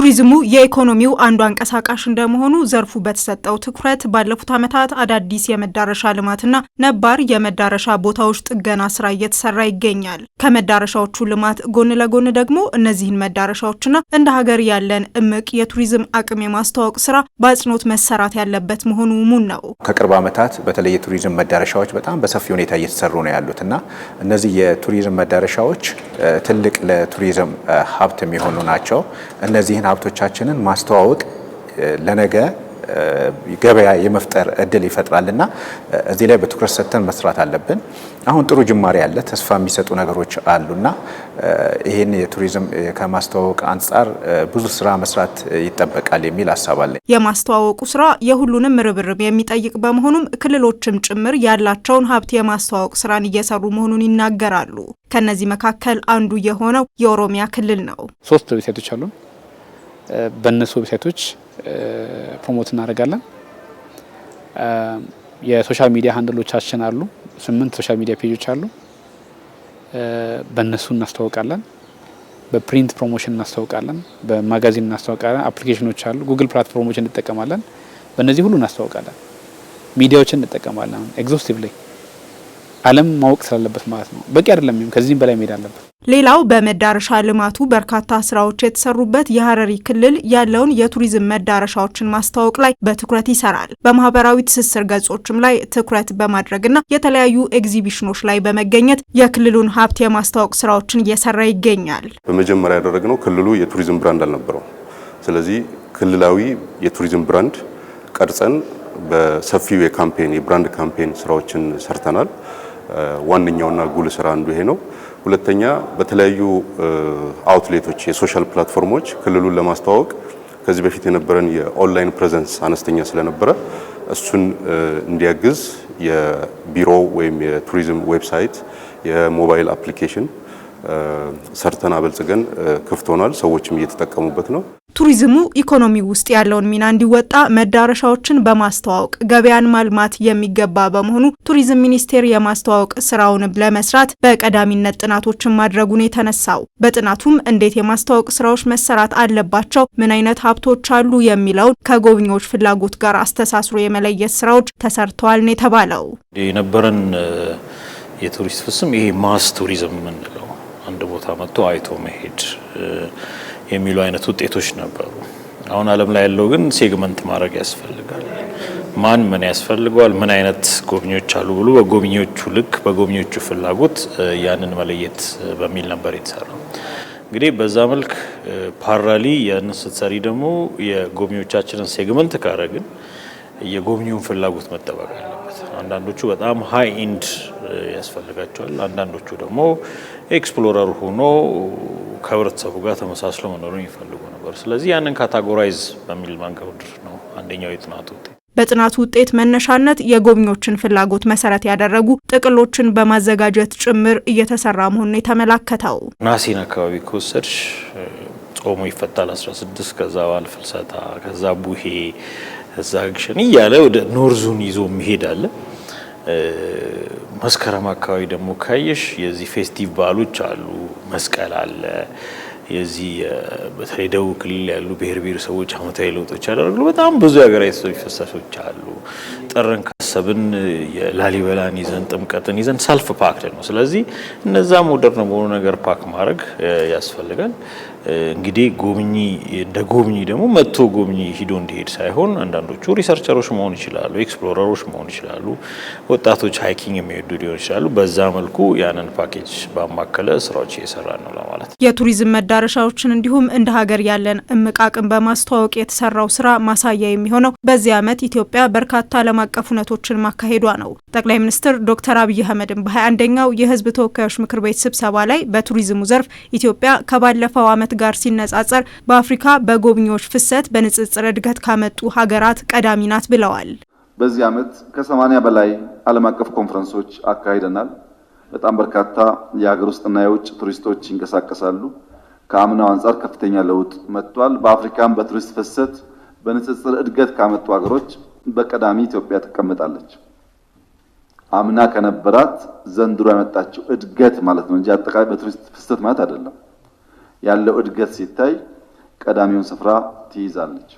ቱሪዝሙ የኢኮኖሚው አንዱ አንቀሳቃሽ እንደመሆኑ ዘርፉ በተሰጠው ትኩረት ባለፉት ዓመታት አዳዲስ የመዳረሻ ልማትና ነባር የመዳረሻ ቦታዎች ጥገና ስራ እየተሰራ ይገኛል። ከመዳረሻዎቹ ልማት ጎን ለጎን ደግሞ እነዚህን መዳረሻዎችና እንደ ሀገር ያለን እምቅ የቱሪዝም አቅም የማስተዋወቅ ስራ በአጽንኦት መሰራት ያለበት መሆኑ ሙን ነው። ከቅርብ ዓመታት በተለይ የቱሪዝም መዳረሻዎች በጣም በሰፊ ሁኔታ እየተሰሩ ነው ያሉት እና እነዚህ የቱሪዝም መዳረሻዎች ትልቅ ለቱሪዝም ሀብት የሚሆኑ ናቸው። እነዚህን ሀብቶቻችንን ማስተዋወቅ ለነገ ገበያ የመፍጠር እድል ይፈጥራልና እዚህ ላይ በትኩረት ሰጥተን መስራት አለብን። አሁን ጥሩ ጅማሬ አለ፣ ተስፋ የሚሰጡ ነገሮች አሉና ይህን የቱሪዝም ከማስተዋወቅ አንጻር ብዙ ስራ መስራት ይጠበቃል የሚል ሀሳብ የማስተዋወቁ ስራ የሁሉንም ርብርብ የሚጠይቅ በመሆኑም ክልሎችም ጭምር ያላቸውን ሀብት የማስተዋወቅ ስራን እየሰሩ መሆኑን ይናገራሉ። ከነዚህ መካከል አንዱ የሆነው የኦሮሚያ ክልል ነው። ሶስት ሴቶች አሉ በእነሱ ዌብሳይቶች ፕሮሞት እናደርጋለን። የሶሻል ሚዲያ ሀንድሎቻችን አሉ። ስምንት ሶሻል ሚዲያ ፔጆች አሉ። በእነሱ እናስታውቃለን። በፕሪንት ፕሮሞሽን እናስታውቃለን። በማጋዚን እናስታውቃለን። አፕሊኬሽኖች አሉ። ጉግል ፕላትፎርሞች እንጠቀማለን። በእነዚህ ሁሉ እናስታውቃለን። ሚዲያዎችን እንጠቀማለን ኤግዞስቲቭ ላይ ዓለም ማወቅ ስላለበት ማለት ነው። በቂ አይደለም፣ ከዚህም በላይ መሄድ አለበት። ሌላው በመዳረሻ ልማቱ በርካታ ስራዎች የተሰሩበት የሀረሪ ክልል ያለውን የቱሪዝም መዳረሻዎችን ማስተዋወቅ ላይ በትኩረት ይሰራል። በማህበራዊ ትስስር ገጾችም ላይ ትኩረት በማድረግና የተለያዩ ኤግዚቢሽኖች ላይ በመገኘት የክልሉን ሀብት የማስተዋወቅ ስራዎችን እየሰራ ይገኛል። በመጀመሪያ ያደረግነው ክልሉ የቱሪዝም ብራንድ አልነበረው። ስለዚህ ክልላዊ የቱሪዝም ብራንድ ቀርጸን በሰፊው የካምፔን የብራንድ ካምፔን ስራዎችን ሰርተናል። ዋነኛውና ጉል ስራ አንዱ ይሄ ነው። ሁለተኛ በተለያዩ አውትሌቶች የሶሻል ፕላትፎርሞች ክልሉን ለማስተዋወቅ ከዚህ በፊት የነበረን የኦንላይን ፕሬዘንስ አነስተኛ ስለነበረ እሱን እንዲያግዝ የቢሮ ወይም የቱሪዝም ዌብሳይት፣ የሞባይል አፕሊኬሽን ሰርተን አበልጽገን ክፍት ሆኗል። ሰዎችም እየተጠቀሙበት ነው። ቱሪዝሙ ኢኮኖሚ ውስጥ ያለውን ሚና እንዲወጣ መዳረሻዎችን በማስተዋወቅ ገበያን ማልማት የሚገባ በመሆኑ ቱሪዝም ሚኒስቴር የማስተዋወቅ ስራውን ለመስራት በቀዳሚነት ጥናቶችን ማድረጉን የተነሳው በጥናቱም እንዴት የማስተዋወቅ ስራዎች መሰራት አለባቸው፣ ምን አይነት ሀብቶች አሉ የሚለውን ከጎብኚዎች ፍላጎት ጋር አስተሳስሮ የመለየት ስራዎች ተሰርተዋል ነው የተባለው። የነበረን የቱሪስት ፍስም ይሄ ማስ ቱሪዝም ምንለው መጥቶ አይቶ መሄድ የሚሉ አይነት ውጤቶች ነበሩ። አሁን ዓለም ላይ ያለው ግን ሴግመንት ማድረግ ያስፈልጋል። ማን ምን ያስፈልገዋል፣ ምን አይነት ጎብኚዎች አሉ ብሎ በጎብኚዎቹ ልክ በጎብኚዎቹ ፍላጎት ያንን መለየት በሚል ነበር የተሰራው። እንግዲህ በዛ መልክ ፓራሊ ያንን ስትሰሪ ደግሞ የጎብኚዎቻችንን ሴግመንት ካረግን የጎብኚውን ፍላጎት መጠበቅ አለበት። አንዳንዶቹ በጣም ሀይ ኢንድ ያስፈልጋቸዋል። አንዳንዶቹ ደግሞ ኤክስፕሎረር ሆኖ ከህብረተሰቡ ጋር ተመሳስሎ መኖሩን ይፈልጉ ነበር። ስለዚህ ያንን ካታጎራይዝ በሚል መንገድ ነው አንደኛው የጥናቱ ውጤት። በጥናቱ ውጤት መነሻነት የጎብኚዎችን ፍላጎት መሰረት ያደረጉ ጥቅሎችን በማዘጋጀት ጭምር እየተሰራ መሆኑን የተመላከተው ናሲን አካባቢ ከወሰድሽ ጾሙ ይፈታል 16 ከዛ ባል ፍልሰታ ከዛ ቡሄ ከዛ ግሸን እያለ ወደ ኖርዙን ይዞ መሄድ አለ። መስከረም አካባቢ ደግሞ ካየሽ የዚህ ፌስቲቭ በዓሎች አሉ። መስቀል አለ። የዚህ በተለይ ደቡብ ክልል ያሉ ብሔር ብሔረሰቦች አመታዊ ለውጦች ያደርጋሉ። በጣም ብዙ የሀገራዊ ሰዎች አሉ። ጥርን አሰብን የላሊበላን ይዘን ጥምቀትን ይዘን ሰልፍ ፓክድ ነው። ስለዚህ እነዛ ሞደርን በሆኑ ነገር ፓክ ማድረግ ያስፈልጋል። እንግዲህ ጎብኚ እንደ ጎብኚ ደግሞ መጥቶ ጎብኚ ሂዶ እንዲሄድ ሳይሆን አንዳንዶቹ ሪሰርቸሮች መሆን ይችላሉ፣ ኤክስፕሎረሮች መሆን ይችላሉ፣ ወጣቶች ሀይኪንግ የሚወዱ ሊሆን ይችላሉ። በዛ መልኩ ያንን ፓኬጅ ባማከለ ስራዎች እየሰራ ነው ለማለት የቱሪዝም መዳረሻዎችን እንዲሁም እንደ ሀገር ያለን እምቅ አቅም በማስተዋወቅ የተሰራው ስራ ማሳያ የሚሆነው በዚህ ዓመት ኢትዮጵያ በርካታ ዓለም አቀፍ ሁነቶች ስብሰባዎችን ማካሄዷ ነው። ጠቅላይ ሚኒስትር ዶክተር አብይ አህመድም በ 21 የህዝብ ተወካዮች ምክር ቤት ስብሰባ ላይ በቱሪዝሙ ዘርፍ ኢትዮጵያ ከባለፈው ዓመት ጋር ሲነጻጸር በአፍሪካ በጎብኚዎች ፍሰት በንጽጽር እድገት ካመጡ ሀገራት ቀዳሚ ናት ብለዋል። በዚህ ዓመት ከሰማኒያ በላይ ዓለም አቀፍ ኮንፈረንሶች አካሂደናል። በጣም በርካታ የሀገር ውስጥና የውጭ ቱሪስቶች ይንቀሳቀሳሉ። ከአምናው አንጻር ከፍተኛ ለውጥ መጥቷል። በአፍሪካም በቱሪስት ፍሰት በንጽጽር እድገት ካመጡ ሀገሮች በቀዳሚ ኢትዮጵያ ትቀመጣለች። አምና ከነበራት ዘንድሮ ያመጣችው እድገት ማለት ነው እንጂ አጠቃላይ በቱሪስት ፍሰት ማለት አይደለም። ያለው እድገት ሲታይ ቀዳሚውን ስፍራ ትይዛለች።